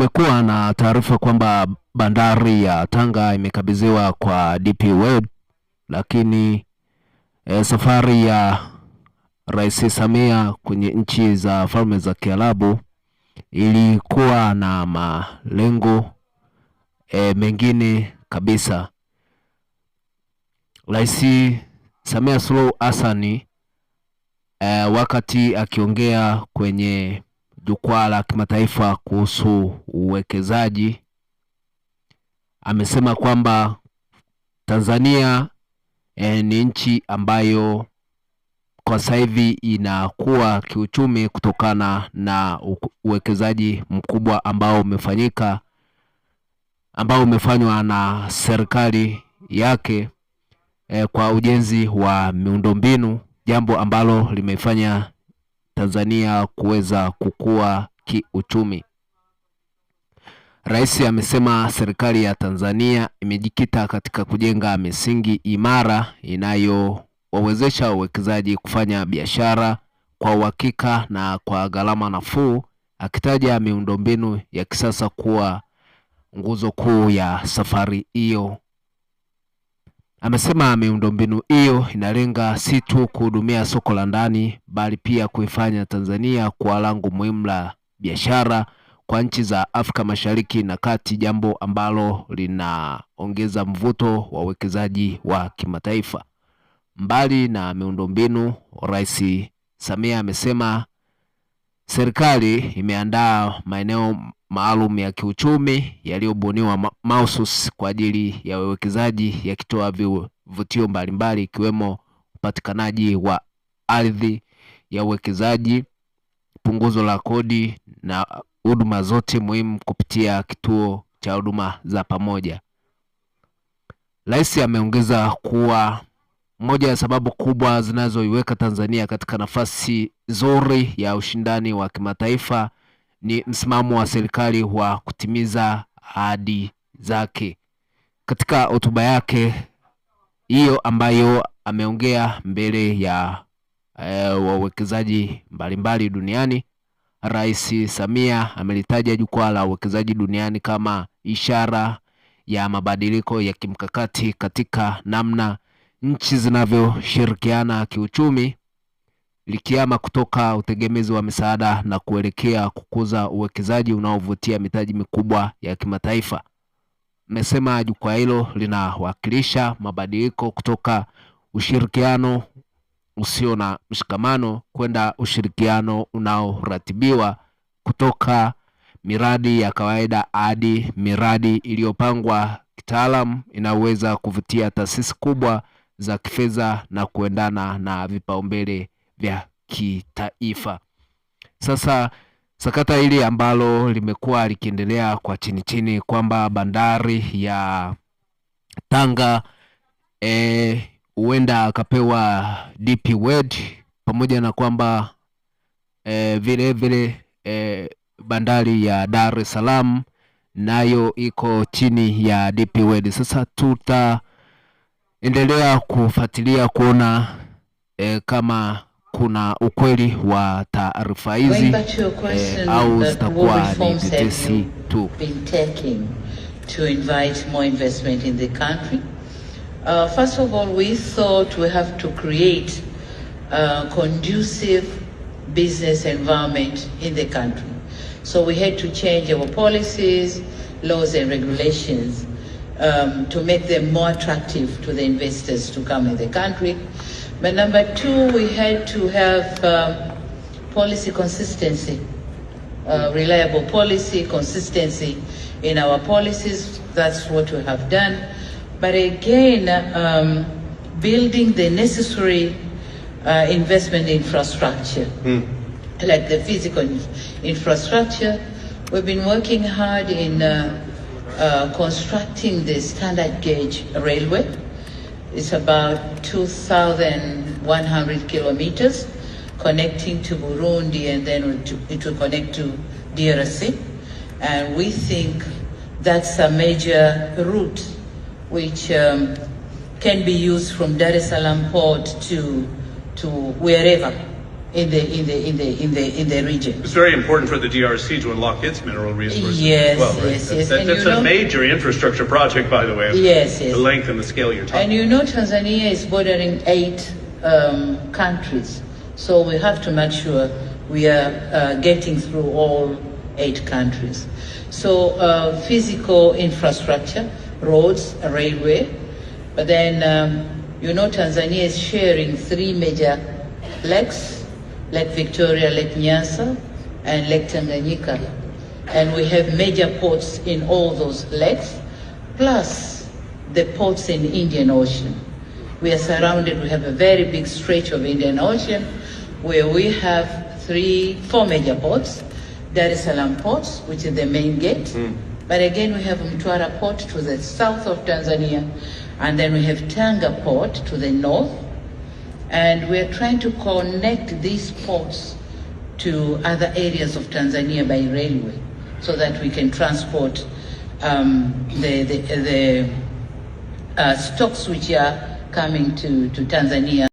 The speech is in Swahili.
Kumekuwa na taarifa kwamba bandari ya Tanga imekabidhiwa kwa DP World, lakini e, safari ya Rais Samia kwenye nchi za Falme za Kiarabu ilikuwa na malengo e, mengine kabisa. Rais Samia Suluhu Hassan e, wakati akiongea kwenye jukwaa la kimataifa kuhusu uwekezaji amesema kwamba Tanzania e, ni nchi ambayo kwa sasa hivi inakuwa kiuchumi kutokana na uwekezaji mkubwa ambao umefanyika ambao umefanywa na serikali yake e, kwa ujenzi wa miundombinu, jambo ambalo limefanya Tanzania kuweza kukua kiuchumi. Rais amesema serikali ya Tanzania imejikita katika kujenga misingi imara inayowawezesha wawekezaji kufanya biashara kwa uhakika na kwa gharama nafuu, akitaja miundombinu ya kisasa kuwa nguzo kuu ya safari hiyo. Amesema miundombinu hiyo inalenga si tu kuhudumia soko la ndani bali pia kuifanya Tanzania kuwa lango muhimu la biashara kwa nchi za Afrika Mashariki na Kati, jambo ambalo linaongeza mvuto wa uwekezaji wa kimataifa. Mbali na miundombinu, Rais Samia amesema serikali imeandaa maeneo maalum ya kiuchumi yaliyobuniwa mahususi kwa ajili ya wawekezaji yakitoa vivutio mbalimbali ikiwemo upatikanaji wa ardhi ya uwekezaji, punguzo la kodi na huduma zote muhimu kupitia kituo cha huduma za pamoja. Rais ameongeza kuwa moja ya sababu kubwa zinazoiweka Tanzania katika nafasi nzuri ya ushindani wa kimataifa ni msimamo wa serikali wa kutimiza ahadi zake. Katika hotuba yake hiyo ambayo ameongea mbele ya e, wawekezaji mbalimbali duniani, Rais Samia amelitaja jukwaa la uwekezaji duniani kama ishara ya mabadiliko ya kimkakati katika namna nchi zinavyoshirikiana kiuchumi likiama kutoka utegemezi wa misaada na kuelekea kukuza uwekezaji unaovutia mitaji mikubwa ya kimataifa. mmesema jukwaa hilo linawakilisha mabadiliko kutoka ushirikiano usio na mshikamano kwenda ushirikiano unaoratibiwa, kutoka miradi ya kawaida hadi miradi iliyopangwa kitaalamu inaweza kuvutia taasisi kubwa za kifedha na kuendana na vipaumbele vya kitaifa. Sasa sakata hili ambalo limekuwa likiendelea kwa chini chini kwamba bandari ya Tanga e, huenda e, akapewa DP World pamoja na kwamba e, vile vile e, bandari ya Dar es Salaam nayo iko chini ya DP World. Sasa tutaendelea kufuatilia kuona e, kama kuna ukweli wa taarifa hizi eh, au zitakuwa ni tetesi tu? to invite more investment in the country. Uh, first of all, we thought we have to create a conducive business environment in the country. So we had to change our policies, laws and regulations um, to make them more attractive to the investors to come in the country. But number two, we had to have um, policy consistency, uh, reliable policy consistency in our policies. That's what we have done. But again, um, building the necessary uh, investment infrastructure, mm. like the physical infrastructure. We've been working hard in uh, uh constructing the standard gauge railway. It's about 2,100 kilometers connecting to Burundi and then it will connect to DRC. And we think that's a major route which um, can be used from Dar es Salaam port to, to wherever in the in the in the in the in the region. It's very important for the DRC to unlock its mineral resources. Yes, well, right? yes, that's, yes. That, that's a know, major infrastructure project, by the way. Yes, yes. The length and the scale you're talking. And you know, Tanzania is bordering eight um, countries, so we have to make sure we are uh, getting through all eight countries. So uh, physical infrastructure, roads, railway, but then um, you know Tanzania is sharing three major lakes like Victoria, Lake Nyasa, and Lake Tanganyika. And we have major ports in all those lakes, plus the ports in Indian Ocean. We are surrounded, we have a very big stretch of Indian Ocean where we have three, four major ports. Dar es Salaam port, which is the main gate. Mm. But again, we have Mtwara port to the south of Tanzania. And then we have Tanga port to the north and we're trying to connect these ports to other areas of Tanzania by railway so that we can transport um, the, the, the uh, stocks which are coming to, to Tanzania.